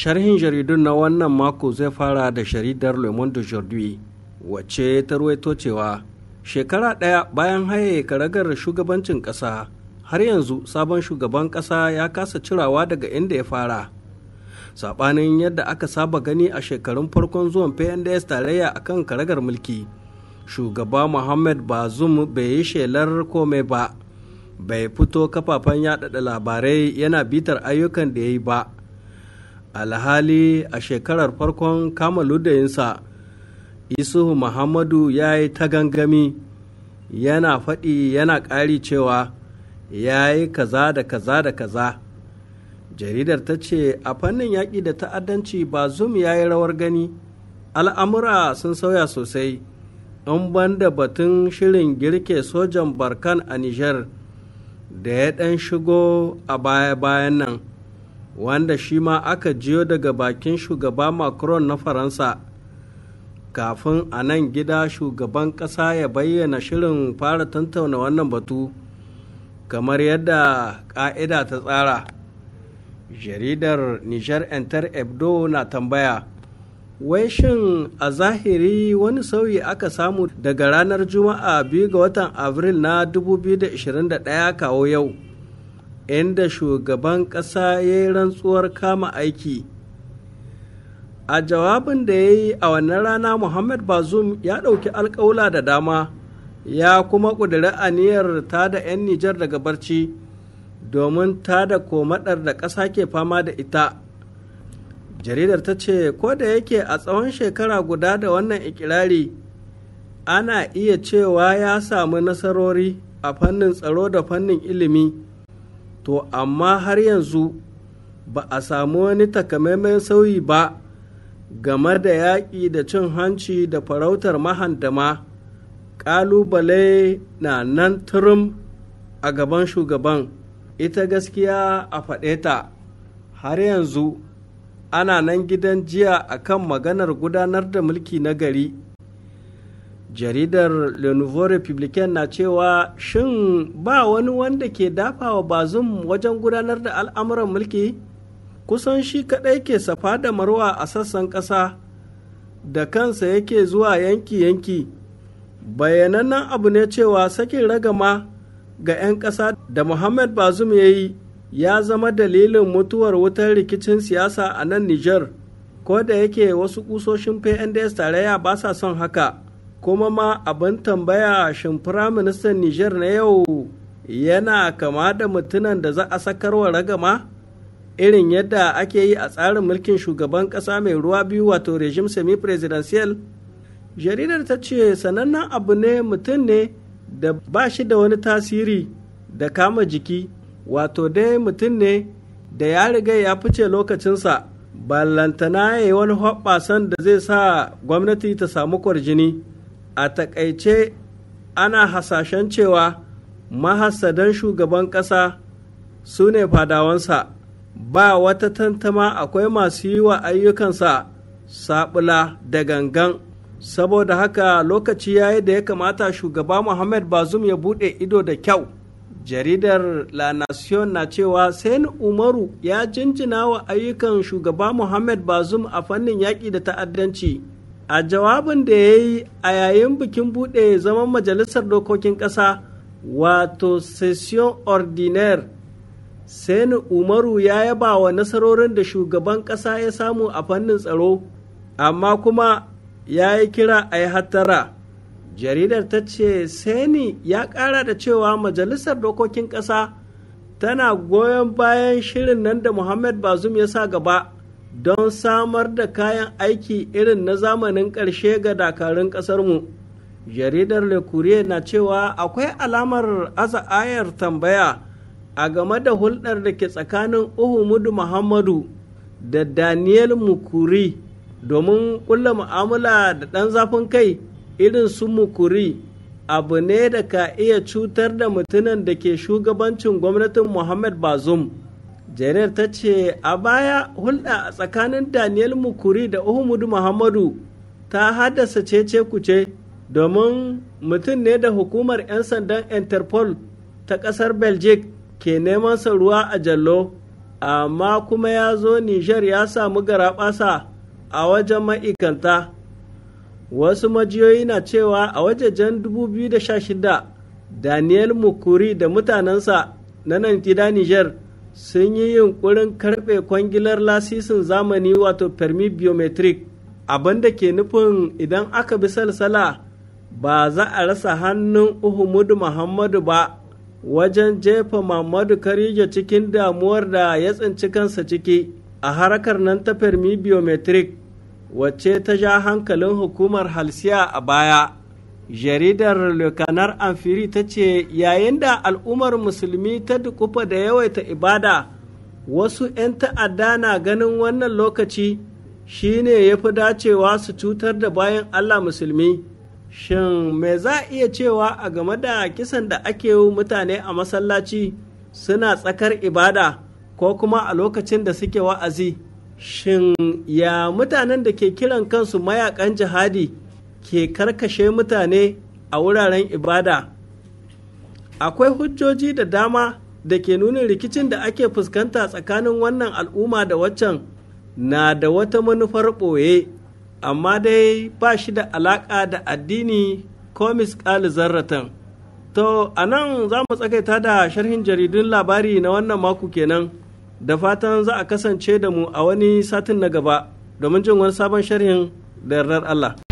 sharhin jaridun na wannan mako zai fara da jaridar Lemon monde aujourd'hui wacce ta ruwaito cewa shekara ɗaya bayan haye karagar shugabancin ƙasa har yanzu sabon shugaban ƙasa ya kasa cirawa daga inda ya fara saɓanin yadda aka saba gani a shekarun farkon zuwan pnds tarayya kan karagar mulki shugaba muhammad bazum bai yi shelar kome ba bai fito kafafen yaɗaɗa labarai yana bitar ayyukan da ya yi ba alhali a shekarar farkon kama ludayinsa isuhu muhammadu ya yi ta gangami yana faɗi yana ƙari cewa ya yi kaza da kaza da kaza jaridar ta ce a fannin yaƙi da ta'addanci ba zum ya yi rawar gani al'amura sun sauya sosai in da batun shirin girke sojan barkan a niger da ya ɗan shigo a baya-bayan nan wanda shi ma aka jiyo daga bakin shugaba macron na faransa kafin a nan gida shugaban ƙasa ya bayyana shirin fara tantauna wannan batu kamar yadda ƙa'ida ta tsara jaridar niger enter ebdo na tambaya wai shin a zahiri wani sauyi aka samu daga ranar juma'a 2 ga watan abril na 2021 kawo yau inda shugaban ƙasa ya yi rantsuwar kama aiki a jawabin da ya yi a wannan rana muhammad bazum ya ɗauki alƙawula da dama ya kuma ƙudiri aniyar ta da 'yan nijar daga barci domin ta da komaɗar da ƙasa ke fama da ita jaridar ta ce ko da yake a tsawon shekara guda da wannan ikirari ana iya cewa ya samu nasarori a fannin tsaro da fannin ilimi to amma har yanzu ba a samu wani takamaiman sauyi ba game da yaƙi da cin hanci da farautar mahandama ƙalubale na nan turum a gaban shugaban ita gaskiya a faɗe ta har yanzu ana nan gidan jiya akan maganar gudanar da mulki na gari jaridar le nouveau republican na cewa shin ba wani wanda ke dafawa bazum wajen gudanar da al'amuran mulki kusan shi kaɗai ke safa da marwa a sassan ƙasa da kansa yake zuwa yanki-yanki bayanannen abu ne cewa sakin ragama ga 'yan ƙasa da muhammad bazum ya yi ya zama dalilin mutuwar wutar rikicin siyasa a nan Nijar. ko da yake wasu ƙusoshin pnds ya ba sa son haka kuma ma abin tambaya shin firaministan Nijar na yau yana kama da mutunan da za a sakarwa ragama irin yadda ake yi a tsarin mulkin shugaban ƙasa mai ruwa biyu wato rejim semi presidential jaridar ta ce sanannen abu ne mutum ne da ba shi da wani tasiri da kama jiki wato dai mutum ne da ya riga ya fice lokacinsa ballantana ya yi wani hoɓɓasan da zai sa gwamnati ta samu kwarjini a takaice ana hasashen cewa mahassadan shugaban ƙasa su ne fadawansa ba wata tantama akwai masu yi wa ayyukansa sabula da gangan saboda haka lokaci yayi da ya kamata shugaba muhammad bazum ya buɗe ido da kyau jaridar la nation na cewa sen umaru ya jinjina wa ayyukan shugaba muhammad bazum a fannin yaƙi da ta'addanci a jawabin da ya yi a yayin bikin buɗe zaman majalisar dokokin ƙasa wato session ordinaire sani umaru ya yaba wa nasarorin da shugaban ƙasa ya samu a fannin tsaro amma kuma ya yi kira a yi hattara jaridar ta ce sani ya ƙara da cewa majalisar dokokin ƙasa tana goyon bayan shirin nan da muhammad bazum ya sa gaba don samar da kayan aiki irin na zamanin ƙarshe ga dakarun ƙasarmu. Jaridar Le Courrier na cewa akwai alamar aza tambaya a game da hulɗar da ke tsakanin Uhumudu Muhammadu da Daniel Mukuri domin ƙulla mu'amala da ɗan zafin kai irin su Mukuri abu ne da ka iya cutar da mutumin da ke shugabancin gwamnatin Muhammad bazum jarir ta ce a baya hulɗa a tsakanin daniel mukuri da uhumudu muhammadu ta haddasa cece kuce domin mutum ne da hukumar 'yan sandan interpol ta ƙasar belgic ke neman sa ruwa a jallo amma kuma ya zo nijar ya samu garaɓasa a wajen ma'ikanta wasu majiyoyi na cewa a wajejen 2016 daniel mukuri da mutanensa na nan gida nijar sun yi yunkurin karɓe kwangilar lasisin zamani wato permi biometric abinda ke nufin idan aka bi salsala ba za a rasa hannun uhumudu muhammadu ba wajen jefa muhammadu karija cikin damuwar da ya tsinci kansa ciki a harakar nan ta permi biometric wacce ta ja hankalin hukumar halsiya a baya jaridar lokanar amfiri ta ce yayin da al'ummar musulmi ta dukufa da yawaita ibada wasu 'yan ta'adda na ganin wannan lokaci shine ya fi dacewa su cutar da bayan allah musulmi shin me za a iya cewa a game da kisan da ake yi mutane a masallaci suna tsakar ibada ko kuma a lokacin da suke wa'azi shin ya mutanen da ke kiran kansu mayakan jihadi ke karkashe mutane a wuraren ibada akwai hujjoji da dama da ke nuna rikicin da ake fuskanta tsakanin wannan al'umma da waccan na da wata manufar ɓoye amma dai ba shi da alaƙa da addini ko misƙali zarratan to a nan za mu tsakaita da sharhin jaridun labari na wannan mako kenan da fatan za a kasance da mu a wani satin na gaba domin jin wani sabon sharhin da yardar Allah.